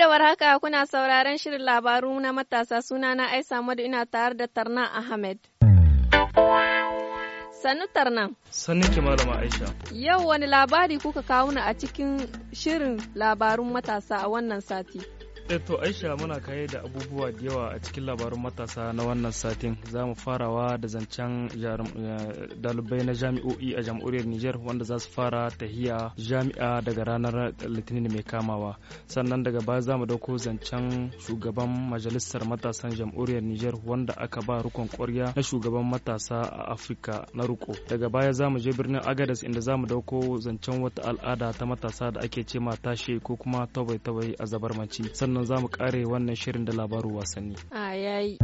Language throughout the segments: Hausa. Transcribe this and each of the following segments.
da warhaka kuna sauraron shirin labaru na matasa sunana Aisa Madu ina tare da Tarna Ahmed. Sannu Tarna. Sannu ki malama Aisha. Yau wani labari kuka kawo a cikin shirin labarun matasa a wannan sati? Eh, to aisha muna kaye da abubuwa da yawa a cikin labarun matasa na wannan satin za mu farawa da zancen eh, dalibai na jami'o'i a jamhuriyar nijar wanda za su fara tahiya jami'a daga ranar litinin mai kamawa sannan daga baya za mu dauko zancen shugaban majalisar matasan jamhuriyar nijar wanda aka ba rukun kwarya na shugaban matasa a afirka na ruko daga baya za mu je birnin agadas inda za mu dauko zancen wata al'ada ta matasa da ake ce ma tashe ko kuma tabai-tabai a zabarmanci sannan nan za mu kare wannan shirin da labaru wasanni. A yayi.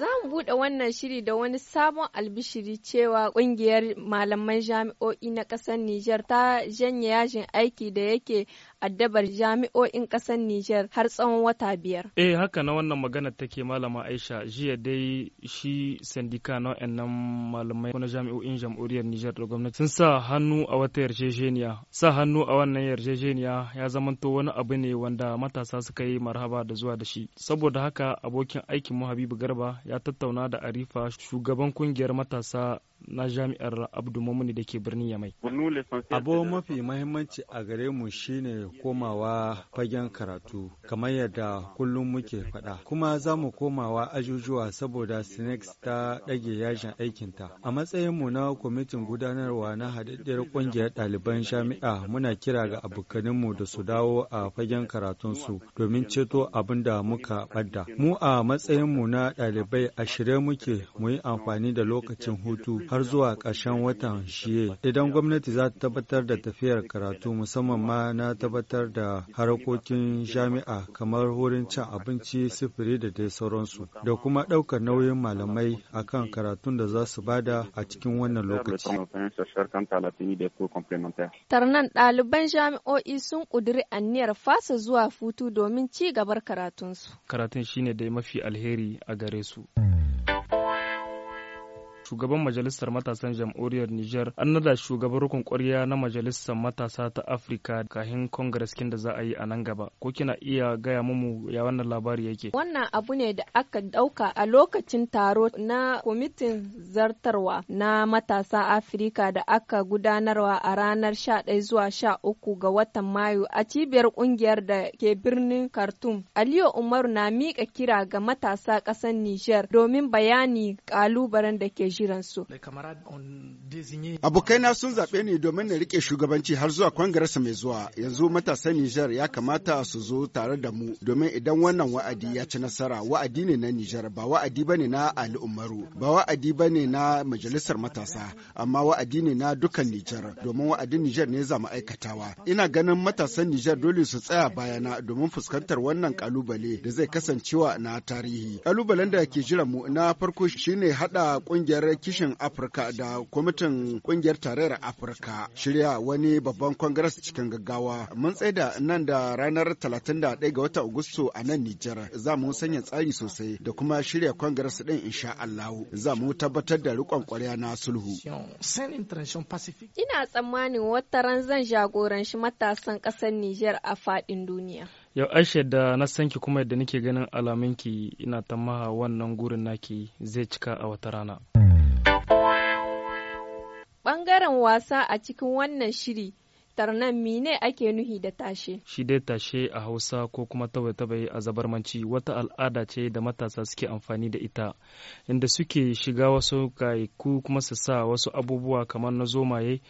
Za mu buɗe wannan shiri da wani sabon albishiri cewa ƙungiyar malaman jami'o'i na ƙasar Nijar ta janye yajin aiki da yake addabar jami'o'in ƙasar Nijar har tsawon wata biyar. Eh haka na wannan magana take malama Aisha jiya dai shi sandika na wa'annan malamai na jami'o'in jam'uriyar Nijar da gwamnati sun sa hannu a wata yarjejeniya. Sa hannu a wannan yarjejeniya ya zamanto wani abu ne wanda matasa suka yi marhaba da zuwa da shi. Saboda haka abokin aikin mu Habibu Garba ya tattauna da Arifa shugaban kungiyar matasa na jami'ar abdu mamuni da ke birnin yamai abu mafi mahimmanci a gare mu shine komawa fagen karatu kamar yadda kullum muke faɗa kuma za mu komawa ajujuwa saboda sinex ta ɗage yajin aikinta a matsayin mu na kwamitin gudanarwa na haɗaɗɗiyar ƙungiyar ɗaliban jami'a muna kira ga mu da su dawo a fagen karatun su domin ceto abin da muka ɓadda mu a matsayin mu na ɗalibai a shirye muke mu yi amfani da lokacin hutu har zuwa ƙarshen watan shiye idan gwamnati za ta tabbatar da tafiyar karatu musamman ma na tabbatar da harkokin jami'a kamar wurin cin abinci sifiri da dai sauransu da kuma ɗaukar nauyin malamai akan karatun da za su bada a cikin wannan lokaci. Tarnan ɗaliban jami'o'i sun ƙudiri aniyar fasa zuwa futu domin ci gabar karatunsu. Karatun shine dai mafi alheri a gare su. shugaban majalisar matasan jamhuriyar Nijar an nada shugaban rukun kwarya na majalisar matasa ta Afirka kahin Congress kin da za a yi a nan gaba. Ko kina iya gaya mumu ya wannan labari yake? Wannan abu ne da aka ɗauka a lokacin taro na kwamitin zartarwa na matasa Afirka da aka gudanarwa a ranar 11 zuwa sha uku ga watan Mayu a cibiyar ƙungiyar da ke birnin Khartoum. Aliyu Umaru na miƙa kira ga matasa ƙasar Nijar domin bayani ƙalubalen da ke jiransu. Abokaina sun zaɓe ni domin na rike shugabanci har zuwa kwangarsa mai zuwa. Yanzu matasan Nijar ya kamata su zo tare da mu domin idan wannan wa'adi ya ci nasara wa'adi ne na Nijar ba wa'adi ba ne na Ali Umaru ba wa'adi ba ne na majalisar matasa amma wa'adi ne na dukkan Nijar domin wa'adin Nijar ne za mu aikatawa. Ina ganin matasan Nijar dole su tsaya bayana domin fuskantar wannan kalubale da zai kasancewa na tarihi. Kalubalen da ke jira mu na farko shine hada kungiyar cibiyar kishin Afirka da kwamitin kungiyar tarayyar Afirka shirya wani babban kongres cikin gaggawa. Mun da nan da ranar 31 ga watan agusto a nan Nijar. Za mu sanya tsari sosai da kuma shirya kongres din insha Allahu. Za mu tabbatar da riƙon ƙwarya na sulhu. Ina tsammanin wata ran zan jagoranci matasan ƙasar Nijar a faɗin duniya. yau aisha da na san ki kuma yadda nake ganin alamunki ina tamaha wannan gurin naki zai cika a wata rana ɓangaren wasa a cikin wannan shiri tarnan mine ake nuhi da tashe. Shi dai tashe a Hausa ko kuma tabai-tabai a zabarmanci wata al'ada ce da matasa suke amfani da ita, inda suke shiga wasu kayaku kuma su sa wasu abubuwa kamar na zomaye,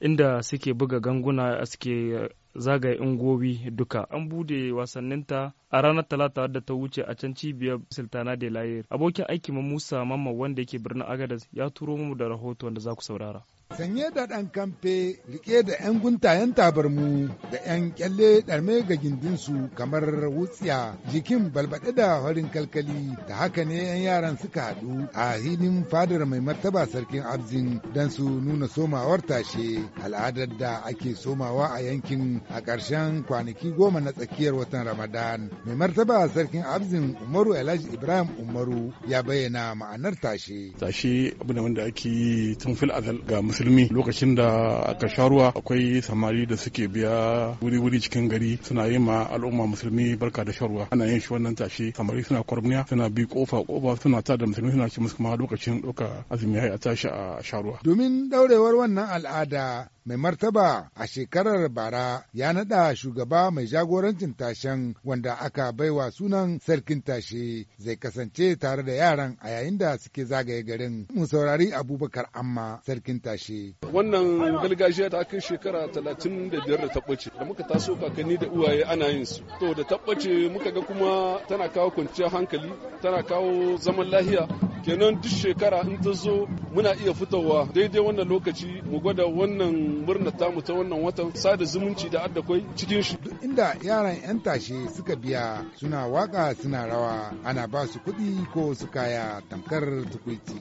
inda suke buga ganguna suke zagaye ungobi duka an bude wasanninta a ranar talata da ta wuce a can cibiyar sultana de layir abokin aikin musa mamman wanda yake birnin agadas ya turo mu da rahoto wanda za ku saurara Sanye da ɗan kamfe riƙe da 'yan guntayen tabarmu da 'yan kyalle ɗarme ga gindinsu kamar wutsiya jikin balbaɗe da farin kalkali da haka ne 'yan yaran suka haɗu a hilin fadar mai martaba sarkin abzin don su nuna somawar tashe al'adar da ake somawa a yankin a ƙarshen kwanaki goma na tsakiyar watan ramadan mai martaba sarkin abzin umaru alhaji ibrahim umaru ya bayyana ma'anar tashe tashe abu da wanda ake tun fil ga musulmi lokacin da aka sha ruwa akwai samari da suke biya wuri-wuri cikin gari suna yi ma al'umma musulmi barka da sharuwa ana yin shi wannan tashi samari suna kwarmiya suna bi kofa kofa suna ta da musulmi suna ci musu kuma lokacin ɗauka azumi ya tashi a sharuwa. domin daurewar wannan al'ada mai martaba a shekarar bara ya naɗa shugaba mai jagorancin tashen wanda aka baiwa sunan sarkin tashe zai kasance tare da yaran a yayin da suke zagaye garin mu saurari abubakar amma sarkin tashe ce. Wannan gargajiya ta kan shekara talatin da biyar da tabbace da muka taso kakanni da uwaye ana yin su. To da tabbace muka ga kuma tana kawo kwanciyar hankali tana kawo zaman lahiya kenan duk shekara in ta zo muna iya fitowa daidai wannan lokaci mu gwada wannan murna tamu ta wannan watan sada zumunci da addakwai cikin shi duk inda yaran yan tashe suka biya suna waka suna rawa ana ba su kuɗi ko su kaya tamkar tukuiti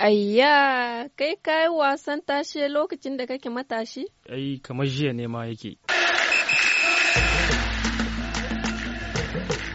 Ayya, kai kayi wasan tashe lokacin da kake matashi? Ai, kamar jiya ne ma yake.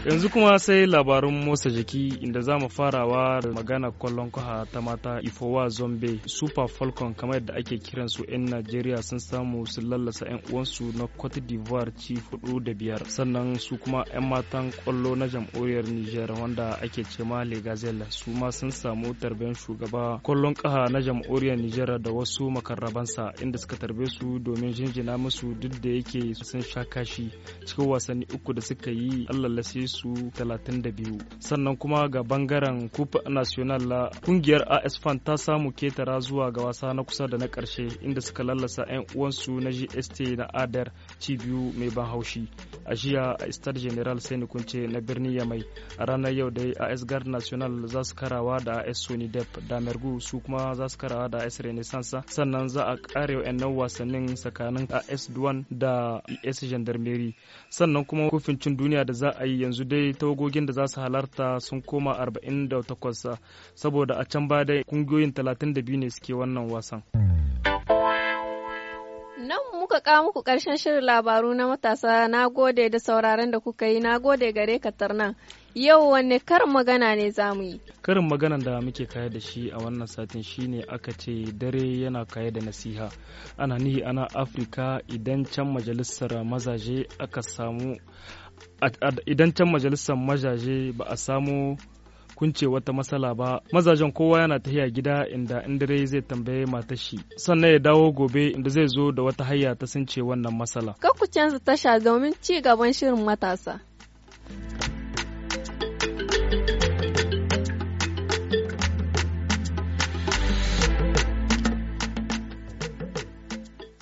yanzu kuma sai labarin motsa jiki inda za mu farawa da magana kwallon kwaha ta mata ifowa zombe super falcon kamar yadda ake kiran su 'yan najeriya sun samu su lallasa 'yan uwansu na cote d'ivoire ci hudu da biyar sannan su kuma 'yan matan kwallo na jam'uriyar niger wanda ake ce ma legazel su ma sun samu tarben shugaba kwallon kaha na jam'uriyar niger da wasu makarrabansa inda suka tarbe su domin jinjina musu duk da yake sun sha kashi cikin wasanni uku da suka yi allah su 32 sannan kuma ga bangaren coupe national la kungiyar as fan ta samu ketara zuwa ga wasa na kusa da na karshe inda suka lallasa 'yan uwansu na gst na adar cibiyu mai ban haushi a jiya a istar general sai kunce na birnin yamai a ranar yau dai as gar national za su karawa da as sony dep da mergu su kuma za su karawa da as renaissance sannan za a kare nan wasannin tsakanin as duwan da as gendarmerie sannan kuma kofin cin duniya da za a yi yanzu dai tawagogin da za su halarta sun koma 48 ah, saboda a can ba dai kungiyoyin 32 ne suke wannan wasan. Nan muka kawo muku karshen shirin labaru na matasa na gode da sauraron da kuka yi na gode gare katar nan Yau wanne karin magana ne za mu yi? Karin maganan da muke kaya da shi a wannan satin shine aka ce dare yana kaya da nasiha. Ana nihi ana Afirka idan can majalisar mazaje aka samu idan can majalisar mazaje ba a samu kunce wata matsala ba mazajen kowa yana tahiya gida inda indire zai tambaye matar shi sannan ya dawo gobe inda zai zo da wata hayya ta ce wannan matsala kar ku canza tasha domin ci gaban shirin matasa